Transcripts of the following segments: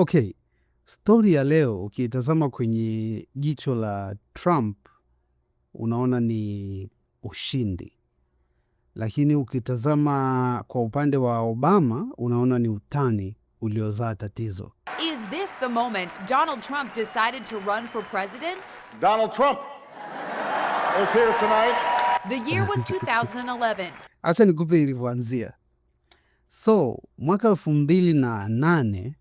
Okay, stori ya leo ukiitazama kwenye jicho la Trump unaona ni ushindi, lakini ukitazama kwa upande wa Obama unaona ni utani uliozaa tatizo. Is this the moment Donald Trump decided to run for president? Donald Trump is here tonight. The year was 2011. Acha nikupe ilivyoanzia. So, mwaka elfu mbili na nane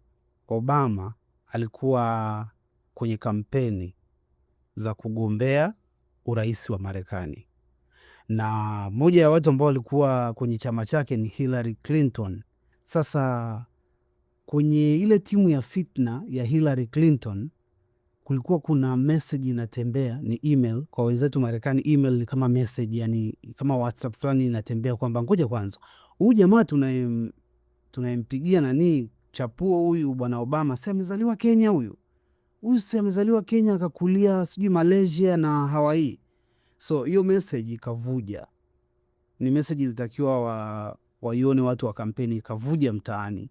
Obama alikuwa kwenye kampeni za kugombea urais wa Marekani, na moja ya watu ambao walikuwa kwenye chama chake ni Hillary Clinton. Sasa kwenye ile timu ya fitna ya Hillary Clinton kulikuwa kuna message inatembea, ni email kwa wenzetu Marekani. Email ni kama message, yani kama WhatsApp fulani inatembea kwamba ngoja kwanza, huyu jamaa tunayempigia nanii chapuo huyu bwana Obama, si amezaliwa Kenya huyu huyu, si amezaliwa Kenya akakulia sijui Malaysia na Hawaii. So hiyo message ikavuja, ni message ilitakiwa wa waione watu wa kampeni, ikavuja mtaani.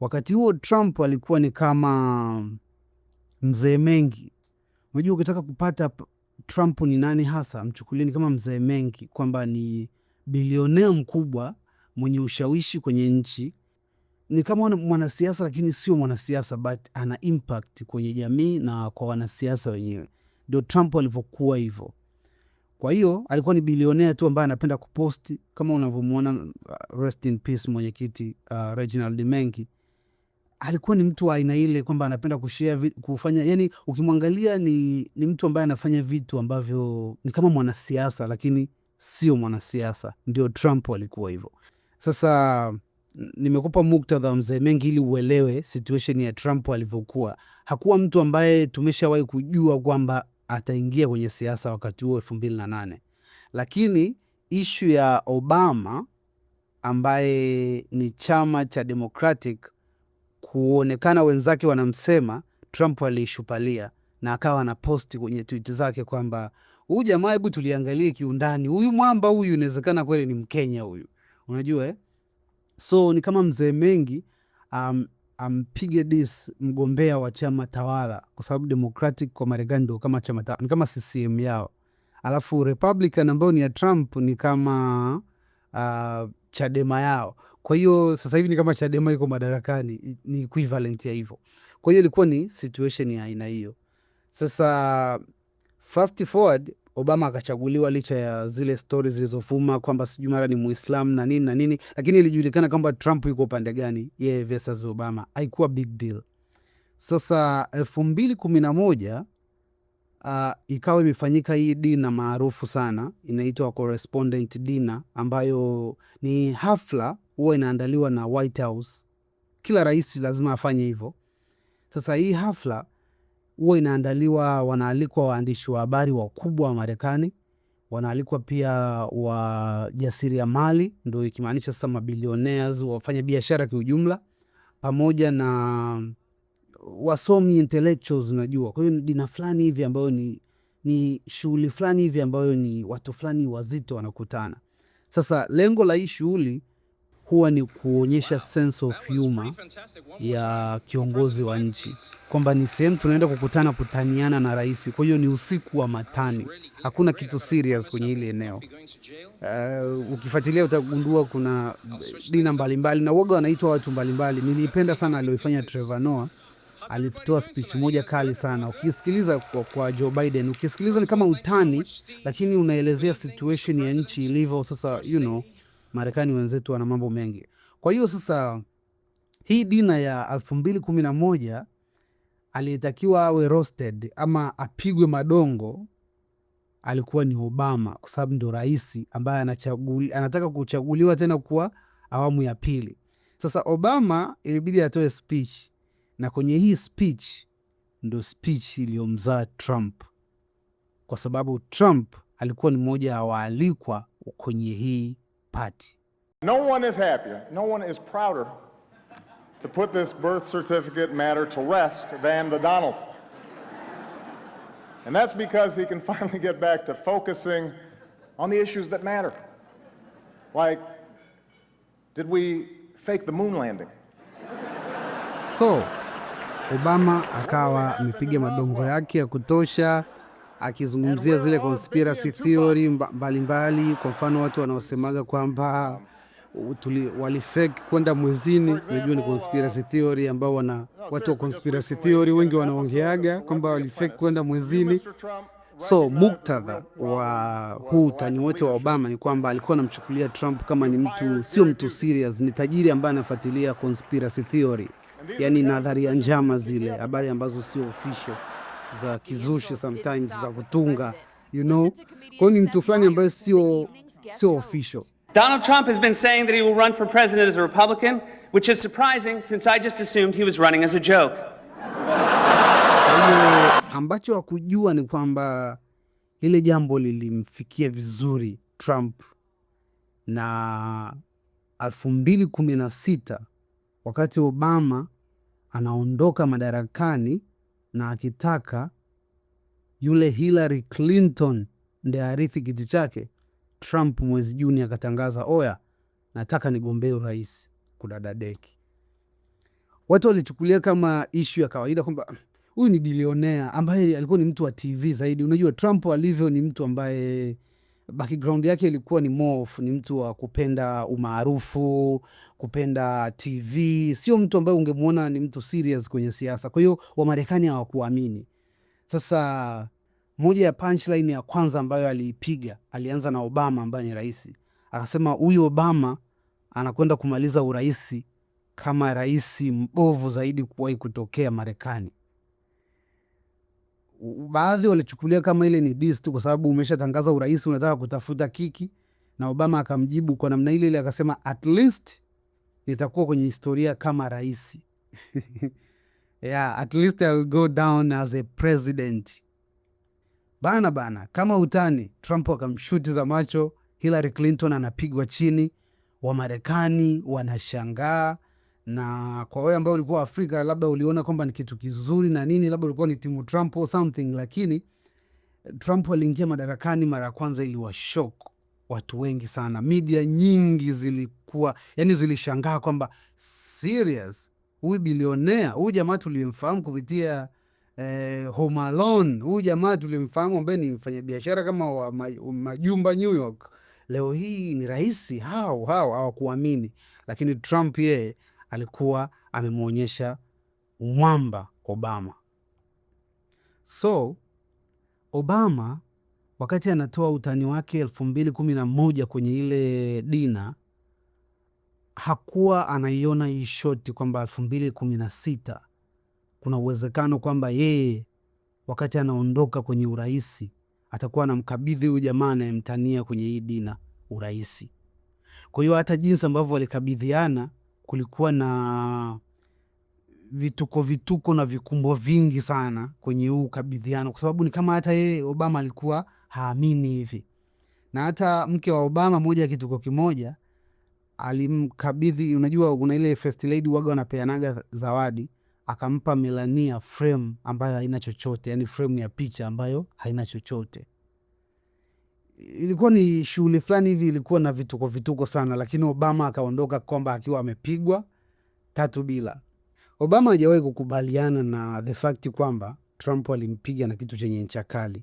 Wakati huo Trump alikuwa ni kama mzee Mengi. Unajua, ukitaka kupata Trump ni nani hasa, mchukulieni kama mzee Mengi, kwamba ni bilionea mkubwa mwenye ushawishi kwenye nchi ni kama mwanasiasa lakini sio mwanasiasa, but ana impact kwenye jamii na kwa wanasiasa wenyewe. Ndio Trump alivyokuwa hivyo. Kwa hiyo alikuwa ni bilionea tu ambaye anapenda kuposti kama unavyomwona, uh, rest in peace mwenyekiti uh, Reginald Mengi alikuwa ni mtu wa aina ile kwamba anapenda kushare kufanya, yani ukimwangalia ni, ni mtu ambaye anafanya vitu ambavyo ni kama mwanasiasa lakini sio mwanasiasa. Ndio Trump alikuwa hivyo. Sasa nimekupa muktadha mzee Mengi ili uelewe situation ya Trump alivyokuwa. Hakuwa mtu ambaye tumeshawahi kujua kwamba ataingia kwenye siasa wakati huo elfu mbili na nane, lakini ishu ya Obama ambaye ni chama cha Democratic kuonekana wenzake wanamsema Trump aliishupalia na akawa na posti kwenye tweet zake kwamba huyu jamaa, hebu tuliangalie kiundani, huyu mwamba huyu inawezekana kweli ni Mkenya huyu, unajua eh? So ni kama mzee Mengi um, ampige dis mgombea wa chama tawala kwa sababu Democratic kwa Marekani ndio kama chama tawala, ni kama CCM yao, alafu Republican ambayo ni ya Trump ni kama uh, Chadema yao. Kwa hiyo sasa hivi ni kama Chadema iko madarakani, ni equivalent ya hivyo. Kwa hiyo ilikuwa ni situation ya aina hiyo. Sasa fast forward Obama akachaguliwa licha ya zile stori zilizovuma kwamba sijui mara ni muislam na nini na nini, lakini ilijulikana kwamba Trump yuko upande gani, yeye versus Obama. Haikuwa big deal. Sasa elfu mbili kumi na moja uh, ikawa imefanyika hii dina maarufu sana inaitwa correspondent dina, ambayo ni hafla huwa inaandaliwa na White House. Kila rais lazima afanye hivyo. Sasa hii hafla huwa inaandaliwa, wanaalikwa waandishi wa habari wakubwa wa Marekani, wanaalikwa pia wajasiriamali, ndo ikimaanisha sasa mabilionaires, wafanya biashara kiujumla, pamoja na wasomi intellectuals, unajua. Kwa hiyo ni dina fulani hivi ambayo ni, ni shughuli fulani hivi ambayo ni watu fulani wazito wanakutana. Sasa lengo la hii shughuli huwa ni kuonyesha sense of humor ya kiongozi wa nchi kwamba ni sehemu tunaenda kukutana kutaniana na rais. Kwa hiyo ni usiku wa matani, hakuna kitu serious kwenye ile eneo. Uh, ukifuatilia utagundua kuna dina mbalimbali na woga wanaitwa watu mbalimbali. Nilipenda sana aliyoifanya Trevor Noah, alitoa speech moja kali sana ukisikiliza kwa, kwa Joe Biden ukisikiliza ni kama utani, lakini unaelezea situation ya nchi ilivyo sasa you know, Marekani wenzetu wana mambo mengi. Kwa hiyo sasa hii Dina ya elfu mbili kumi na moja aliyetakiwa awe roasted ama apigwe madongo alikuwa ni Obama kwa sababu ndo rais ambaye anataka kuchaguliwa tena kuwa awamu ya pili. Sasa Obama ilibidi atoe speech, na kwenye hii speech ndo speech iliyomzaa Trump, kwa sababu Trump alikuwa ni mmoja ya waalikwa kwenye hii party. No one is happier, no one is prouder to put this birth certificate matter to rest than the Donald. And that's because he can finally get back to focusing on the issues that matter. Like, did we fake the moon landing? So, Obama akawa amepiga madongo yake ya kutosha akizungumzia zile conspiracy theory mbalimbali, kwa mfano watu wanaosemaga kwamba walifake kwenda mwezini. Najua ni conspiracy theory ambao wana watu wa conspiracy theory wengi wanaongeaga kwamba walifake kwenda mwezini. So muktadha wa huu utani wote wa Obama ni kwamba alikuwa anamchukulia Trump kama ni mtu, sio mtu serious, ni tajiri ambaye anafuatilia conspiracy theory, yani nadharia njama, zile habari ambazo sio official za kizushi sometimes za kutunga you know. Kwa ni mtu fulani ambaye sio sio official. Donald Trump has been saying that he will run for president as a Republican, which is surprising since I just assumed he was running as a joke. Ambacho hakujua ni kwamba ile jambo lilimfikia vizuri Trump na 2016 wakati Obama anaondoka madarakani na akitaka yule Hillary Clinton ndiye arithi kiti chake, Trump mwezi Juni akatangaza, oya, nataka nigombee urais, kudadadeki. Watu walichukulia kama ishu ya kawaida kwamba huyu ni bilionea ambaye alikuwa ni mtu wa TV zaidi. Unajua Trump alivyo, ni mtu ambaye background yake ilikuwa ni mof, ni mtu wa kupenda umaarufu, kupenda TV, sio mtu ambaye ungemwona ni mtu serious kwenye siasa. Kwa hiyo Wamarekani hawakuamini. Sasa moja ya punchline ya kwanza ambayo aliipiga, alianza na Obama ambaye ni rais, akasema huyu Obama anakwenda kumaliza uraisi kama rais mbovu zaidi kuwahi kutokea Marekani baadhi walichukulia kama ile ni diss tu, kwa sababu umeshatangaza urais, unataka kutafuta kiki, na Obama akamjibu kwa namna ile ile, akasema at least nitakuwa kwenye historia kama rais yeah, at least I'll go down as a president bana bana, kama utani. Trump akamshuti za macho, Hillary Clinton anapigwa chini, Wamarekani wanashangaa na kwa wewe ambaye ulikuwa Afrika labda uliona kwamba ni kitu kizuri na nini, labda ulikuwa ni timu Trump or something, lakini eh, Trump aliingia madarakani mara ya kwanza, iliwashok watu wengi sana. Media nyingi zilikuwa yani, zilishangaa kwamba serious, huyu bilionea huyu jamaa tuliyemfahamu kupitia eh, Home Alone, huyu jamaa tuliyemfahamu ambaye ni mfanyabiashara kama wa majumba New York, leo hii ni rais. Hao hao hawakuamini, lakini Trump yeye alikuwa amemwonyesha mwamba Obama. So Obama wakati anatoa utani wake elfu mbili kumi na moja kwenye ile dina hakuwa anaiona hii shoti kwamba elfu mbili kumi na sita kuna uwezekano kwamba yeye wakati anaondoka kwenye uraisi atakuwa anamkabidhi huyu jamaa anayemtania kwenye hii dina uraisi. Kwa hiyo hata jinsi ambavyo walikabidhiana kulikuwa na vituko vituko na vikumbo vingi sana kwenye huu kabidhiano kwa sababu ni kama hata yeye Obama alikuwa haamini hivi, na hata mke wa Obama, moja ya kituko kimoja alimkabidhi, unajua kuna ile first lady waga wanapeanaga zawadi, akampa Melania frame ambayo haina chochote, yani frame ya picha ambayo haina chochote ilikuwa ni shughuli fulani hivi, ilikuwa na vituko vituko sana, lakini Obama akaondoka kwamba akiwa amepigwa tatu bila. Obama hajawahi kukubaliana na the fact kwamba Trump alimpiga na kitu chenye ncha kali.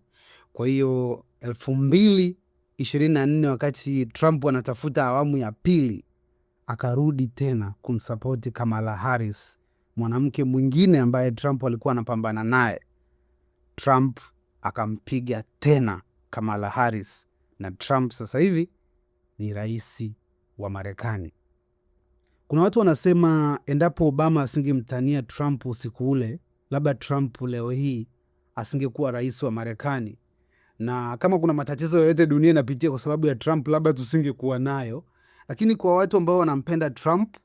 Kwa hiyo elfu mbili ishirini na nne wakati Trump anatafuta awamu ya pili, akarudi tena kumsapoti Kamala Harris, mwanamke mwingine ambaye Trump alikuwa anapambana naye. Trump akampiga tena Kamala Harris na Trump sasa hivi ni rais wa Marekani. Kuna watu wanasema endapo Obama asingemtania Trump usiku ule, labda Trump leo hii asingekuwa rais wa Marekani, na kama kuna matatizo yoyote dunia inapitia kwa sababu ya Trump, labda tusingekuwa nayo. Lakini kwa watu ambao wanampenda Trump,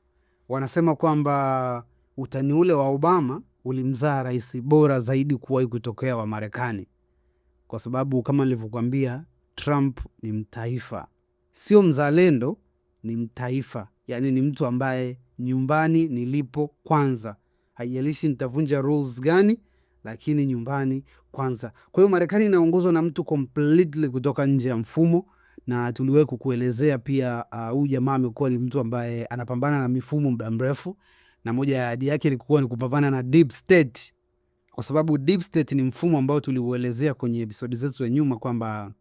wanasema kwamba utani ule wa Obama ulimzaa rais bora zaidi kuwahi kutokea wa Marekani kwa sababu kama nilivyokuambia, Trump ni mtaifa, sio mzalendo, ni mtaifa. Yaani ni mtu ambaye nyumbani nilipo kwanza, haijalishi nitavunja rules gani, lakini nyumbani kwanza. Kwa hiyo Marekani inaongozwa na mtu completely kutoka nje ya mfumo, na tuliwahi kukuelezea pia uh, huyu uh, jamaa amekuwa ni mtu ambaye anapambana na mifumo muda mrefu, na moja ya ahadi yake ilikuwa ni kupambana na deep state kwa sababu deep state ni mfumo ambao tuliuelezea kwenye episodi zetu za nyuma kwamba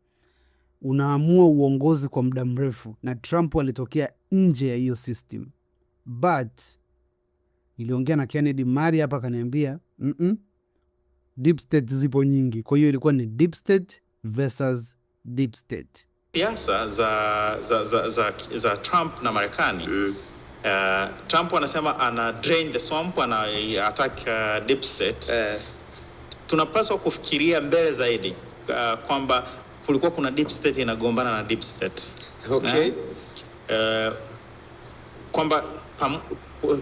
unaamua uongozi kwa muda mrefu, na Trump alitokea nje ya hiyo system. But niliongea na Kennedy Mari hapa akaniambia mm -mm, deep state zipo nyingi. Kwa hiyo ilikuwa ni deep state versus deep state. Siasa za, za, za, za, za Trump na Marekani mm. Uh, Trump anasema ana drain the swamp, ana attack uh, deep state uh. Tunapaswa kufikiria mbele zaidi uh, kwamba kulikuwa kuna deep state inagombana na deep state okay. Uh, kwamba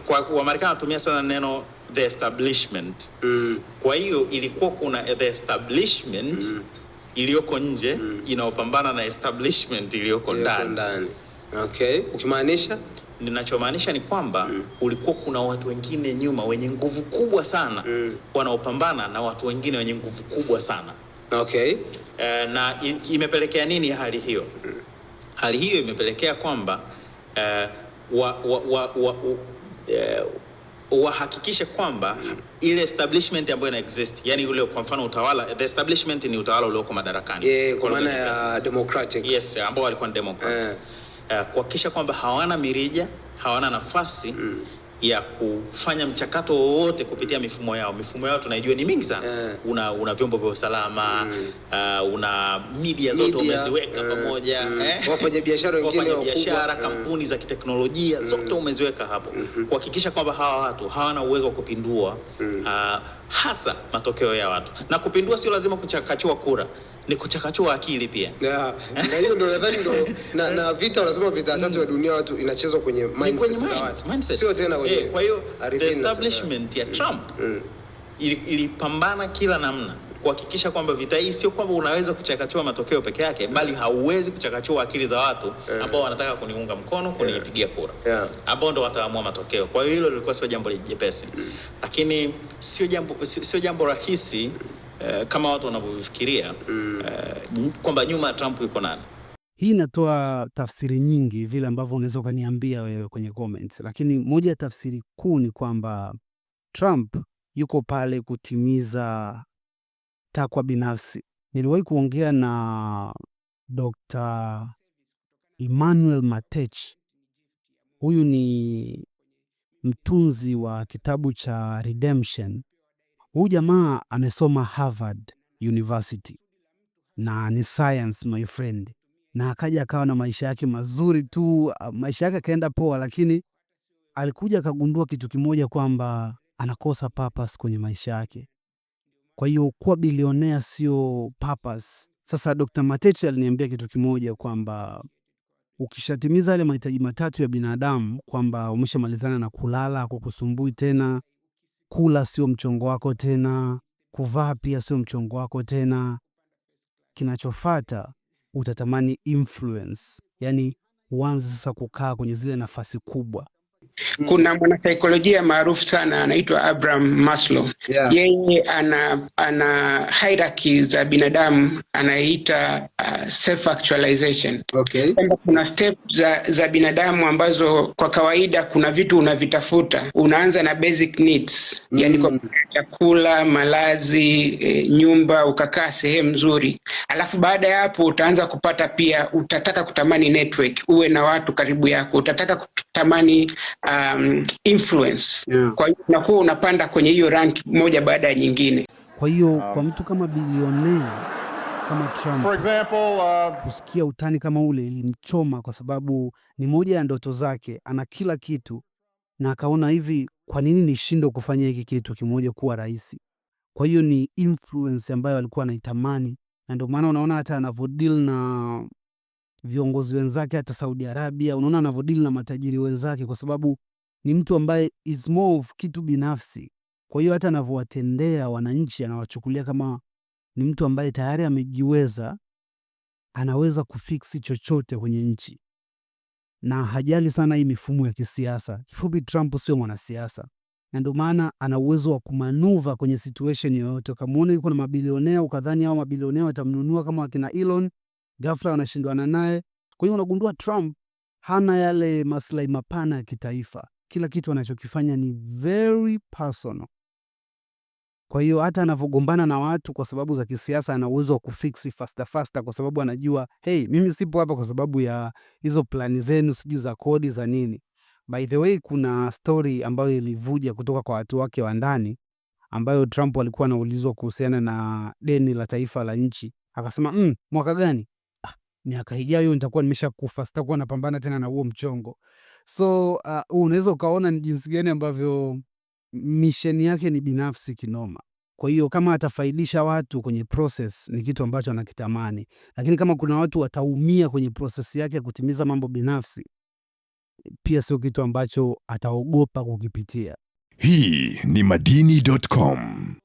kwa, kwa Wamarekani wanatumia sana neno the establishment mm. Kwa hiyo ilikuwa kuna the establishment mm. iliyoko nje mm. inaopambana na establishment iliyoko ndani okay. Ukimaanisha ninachomaanisha ni kwamba mm. ulikuwa kuna watu wengine nyuma wenye nguvu kubwa sana mm. wanaopambana na watu wengine wenye nguvu kubwa sana okay. E, na imepelekea nini hali hiyo? mm. hali hiyo imepelekea kwamba e, wa, wa, wa, wa, wa, eh, wahakikishe kwamba mm. ile establishment ambayo ina exist, yani ule kwa mfano utawala, the establishment ni utawala ulioko madarakani, yeah, kwa maana ya democratic, yes, ambao walikuwa ni democrats yeah uh, kuhakikisha kwamba hawana mirija, hawana nafasi mm ya kufanya mchakato wowote kupitia mifumo yao. Mifumo yao tunaijua ni mingi sana yeah. Una, una vyombo vya usalama mm. Uh, una media zote umeziweka eh. pamoja mm. wafanya wengine biashara kampuni za kiteknolojia mm. zote umeziweka hapo mm -hmm. kuhakikisha kwamba hawa watu hawana uwezo wa kupindua mm. uh, hasa matokeo ya watu na kupindua sio lazima kuchakachua kura ni kuchakachua akili pia yeah. na hiyo ndio nadhani ndio na, na vita unasema vita tatu ya dunia watu inachezwa kwenye mindset, kwenye mind, mindset. Sio tena kwenye eh, kwa hiyo the establishment ya mm. Trump mm. ilipambana ili kila namna kuhakikisha kwamba vita hii sio kwamba unaweza kuchakachua matokeo peke yake mm. bali hauwezi kuchakachua akili za watu yeah. ambao wanataka kuniunga mkono eh. kunipigia yeah. kura yeah. ambao ndo wataamua matokeo. Kwa hiyo hilo lilikuwa sio jambo jepesi mm. lakini sio jambo, sio jambo rahisi mm Eh, kama watu wanavyofikiria uh, kwamba nyuma ya Trump yuko nani. Hii inatoa tafsiri nyingi vile ambavyo unaweza ukaniambia wewe kwenye comments, lakini moja ya tafsiri kuu ni kwamba Trump yuko pale kutimiza takwa binafsi. Niliwahi kuongea na Dr. Emmanuel Matech. Huyu ni mtunzi wa kitabu cha Redemption Huyu jamaa amesoma Harvard University na ni science my friend, na akaja akawa na maisha yake mazuri tu, maisha yake akaenda poa, lakini alikuja akagundua kitu kimoja kwamba anakosa purpose kwenye maisha yake. Kwa hiyo kuwa bilionea sio purpose. Sasa Dr. Mateche aliniambia kitu kimoja kwamba ukishatimiza yale mahitaji matatu ya binadamu, kwamba umeshamalizana na kulala kukusumbui tena Kula sio mchongo wako tena, kuvaa pia sio mchongo wako tena. Kinachofata utatamani influence, yani uanze sasa kukaa kwenye zile nafasi kubwa Mm. Kuna mwanasaikolojia maarufu sana anaitwa Abraham Maslow. Yeah. Yeye ana ana hierarchy za binadamu anaita uh, actualization. Okay. kuna step za, za binadamu ambazo kwa kawaida kuna vitu unavitafuta. Unaanza na basic needs. Mm. kwa chakula, malazi, e, nyumba, ukakaa sehemu nzuri. Alafu baada ya hapo utaanza kupata pia utataka kutamani network, uwe na watu karibu yako. Utataka kutamani um, influence yeah. Kwa hiyo unakuwa unapanda kwenye hiyo rank moja baada ya nyingine. Kwa hiyo ah. kwa mtu kama bilionea kama Trump for example, uh... kusikia utani kama ule ilimchoma kwa sababu ni moja ya ndoto zake, ana kila kitu na akaona hivi, kwa nini nishindwe kufanya hiki kitu kimoja kuwa rais? Kwa hiyo ni influence ambayo alikuwa anaitamani, na ndio maana unaona hata anavyodeal na viongozi wenzake, hata Saudi Arabia, unaona anavyodili na matajiri wenzake, kwa sababu ni mtu ambaye is more of kitu binafsi. Kwa hiyo hata anavyowatendea wananchi anawachukulia kama ni mtu ambaye tayari amejiweza, anaweza kufiksi chochote kwenye nchi na hajali sana hii mifumo ya kisiasa. Kifupi, Trump sio mwanasiasa, na ndio maana ana uwezo wa kumanuva kwenye situation yoyote. Ukamwona yuko na mabilionea, ukadhani hao mabilionea watamnunua kama wakina Elon, ghafla wanashindwana naye. Kwa hiyo unagundua Trump hana yale maslahi mapana ya kitaifa, kila kitu anachokifanya ni very personal. Kwa hiyo hata anavyogombana na watu kwa sababu za kisiasa, ana uwezo wa kufix fasta fasta, kwa sababu anajua hey, mimi sipo hapa kwa sababu ya hizo plani zenu, sijui za kodi za nini. By the way, kuna story ambayo ilivuja kutoka kwa watu wake wa ndani ambayo Trump alikuwa anaulizwa kuhusiana na deni la taifa la nchi, akasema mm, mwaka gani? miaka ijayo nitakuwa nimeshakufa, sitakuwa napambana tena na huo mchongo. So uh, unaweza ukaona ni jinsi gani ambavyo misheni yake ni binafsi kinoma. Kwa hiyo kama atafaidisha watu kwenye proses ni kitu ambacho anakitamani, lakini kama kuna watu wataumia kwenye proses yake ya kutimiza mambo binafsi, pia sio kitu ambacho ataogopa kukipitia. Hii ni Madini.com.